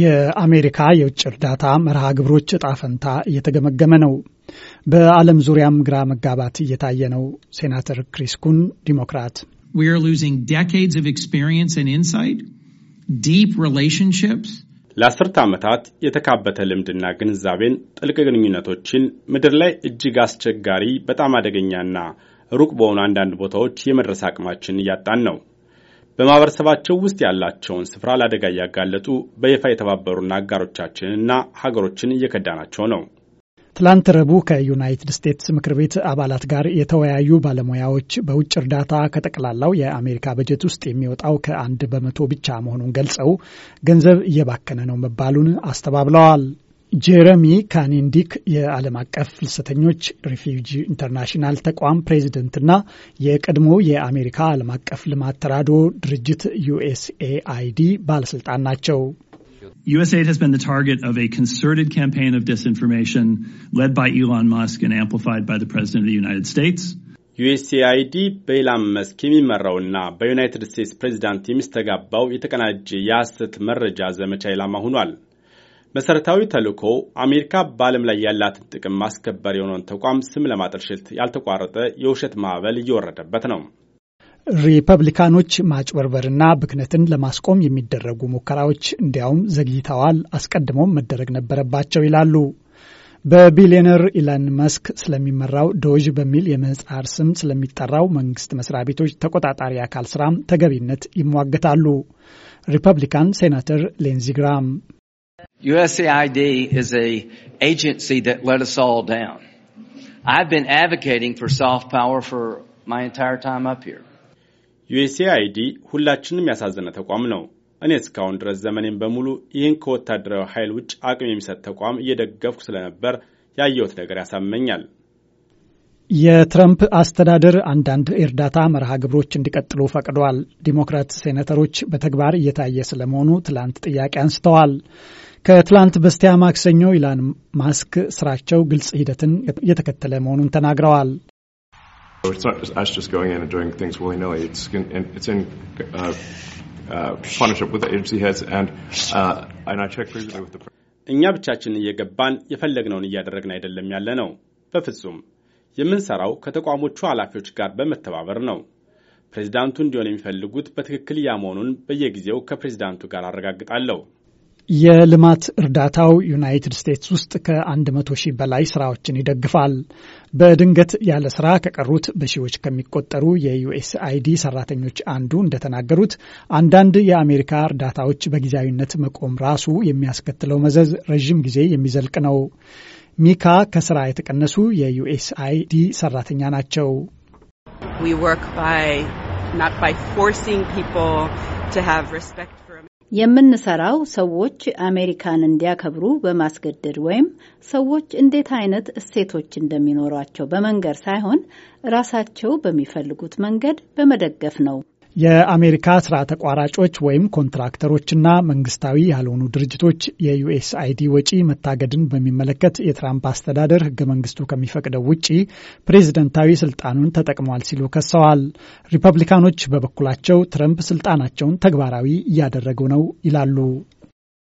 የአሜሪካ የውጭ እርዳታ መርሃ ግብሮች እጣ ፈንታ እየተገመገመ ነው። በዓለም ዙሪያም ግራ መጋባት እየታየ ነው። ሴናተር ክሪስ ኩን ዲሞክራት፣ ለአስርተ ዓመታት የተካበተ ልምድና ግንዛቤን፣ ጥልቅ ግንኙነቶችን፣ ምድር ላይ እጅግ አስቸጋሪ፣ በጣም አደገኛና ሩቅ በሆኑ አንዳንድ ቦታዎች የመድረስ አቅማችን እያጣን ነው። በማህበረሰባቸው ውስጥ ያላቸውን ስፍራ ለአደጋ እያጋለጡ በይፋ የተባበሩና አጋሮቻችንና ሀገሮችን እየከዳናቸው ነው። ትላንት ረቡዕ ከዩናይትድ ስቴትስ ምክር ቤት አባላት ጋር የተወያዩ ባለሙያዎች በውጭ እርዳታ ከጠቅላላው የአሜሪካ በጀት ውስጥ የሚወጣው ከአንድ በመቶ ብቻ መሆኑን ገልጸው ገንዘብ እየባከነ ነው መባሉን አስተባብለዋል። ጄረሚ ካኒንዲክ የዓለም አቀፍ ፍልሰተኞች ሪፊውጂ ኢንተርናሽናል ተቋም ፕሬዚደንትና የቀድሞ የአሜሪካ ዓለም አቀፍ ልማት ተራድኦ ድርጅት ዩኤስኤአይዲ ባለስልጣን ናቸው። USAID has been the target of a concerted campaign of disinformation led by Elon Musk and amplified by the President of the United States. በኢላን መስክ የሚመራውና በዩናይትድ ስቴትስ ፕሬዚዳንት የሚስተጋባው የተቀናጀ የሐሰት መረጃ ዘመቻ ኢላማ ሆኗል። መሰረታዊ ተልዕኮው አሜሪካ በዓለም ላይ ያላትን ጥቅም ማስከበር የሆነውን ተቋም ስም ለማጠልሸት ያልተቋረጠ የውሸት ማዕበል እየወረደበት ነው። ሪፐብሊካኖች ማጭበርበርና ብክነትን ለማስቆም የሚደረጉ ሙከራዎች እንዲያውም ዘግይተዋል፣ አስቀድሞም መደረግ ነበረባቸው ይላሉ። በቢሊዮነር ኢላን መስክ ስለሚመራው ዶዥ በሚል የምህጻር ስም ስለሚጠራው መንግስት መስሪያ ቤቶች ተቆጣጣሪ አካል ስራም ተገቢነት ይሟገታሉ። ሪፐብሊካን ሴናተር ሌንዚ ግራም USAID is a agency that let us all down. I've been advocating for soft power for my entire time up here. USAID ሁላችንም ያሳዘነ ተቋም ነው። እኔ እስካሁን ድረስ ዘመኔን በሙሉ ይህን ከወታደራዊ ኃይል ውጭ አቅም የሚሰጥ ተቋም እየደገፍኩ ስለነበር ያየሁት ነገር ያሳመኛል። የትረምፕ አስተዳደር አንዳንድ እርዳታ መርሃ ግብሮች እንዲቀጥሉ ፈቅደዋል። ዲሞክራት ሴኔተሮች በተግባር እየታየ ስለመሆኑ ትላንት ጥያቄ አንስተዋል። ከትላንት በስቲያ ማክሰኞ ኢላን ማስክ ስራቸው ግልጽ ሂደትን እየተከተለ መሆኑን ተናግረዋል። እኛ ብቻችን እየገባን የፈለግነውን እያደረግን አይደለም ያለ ነው በፍጹም የምንሰራው ከተቋሞቹ ኃላፊዎች ጋር በመተባበር ነው። ፕሬዚዳንቱ እንዲሆን የሚፈልጉት በትክክል ያ መሆኑን በየጊዜው ከፕሬዚዳንቱ ጋር አረጋግጣለሁ። የልማት እርዳታው ዩናይትድ ስቴትስ ውስጥ ከ100 ሺህ በላይ ስራዎችን ይደግፋል። በድንገት ያለ ስራ ከቀሩት በሺዎች ከሚቆጠሩ የዩኤስአይዲ ሰራተኞች አንዱ እንደተናገሩት አንዳንድ የአሜሪካ እርዳታዎች በጊዜያዊነት መቆም ራሱ የሚያስከትለው መዘዝ ረዥም ጊዜ የሚዘልቅ ነው። ሚካ ከስራ የተቀነሱ የዩኤስአይዲ ሰራተኛ ናቸው። የምንሰራው ሰዎች አሜሪካን እንዲያከብሩ በማስገደድ ወይም ሰዎች እንዴት አይነት እሴቶች እንደሚኖሯቸው በመንገድ ሳይሆን ራሳቸው በሚፈልጉት መንገድ በመደገፍ ነው። የአሜሪካ ስራ ተቋራጮች ወይም ኮንትራክተሮችና መንግስታዊ ያልሆኑ ድርጅቶች የዩኤስአይዲ ወጪ መታገድን በሚመለከት የትራምፕ አስተዳደር ህገ መንግስቱ ከሚፈቅደው ውጪ ፕሬዝደንታዊ ስልጣኑን ተጠቅሟል ሲሉ ከሰዋል። ሪፐብሊካኖች በበኩላቸው ትረምፕ ስልጣናቸውን ተግባራዊ እያደረጉ ነው ይላሉ።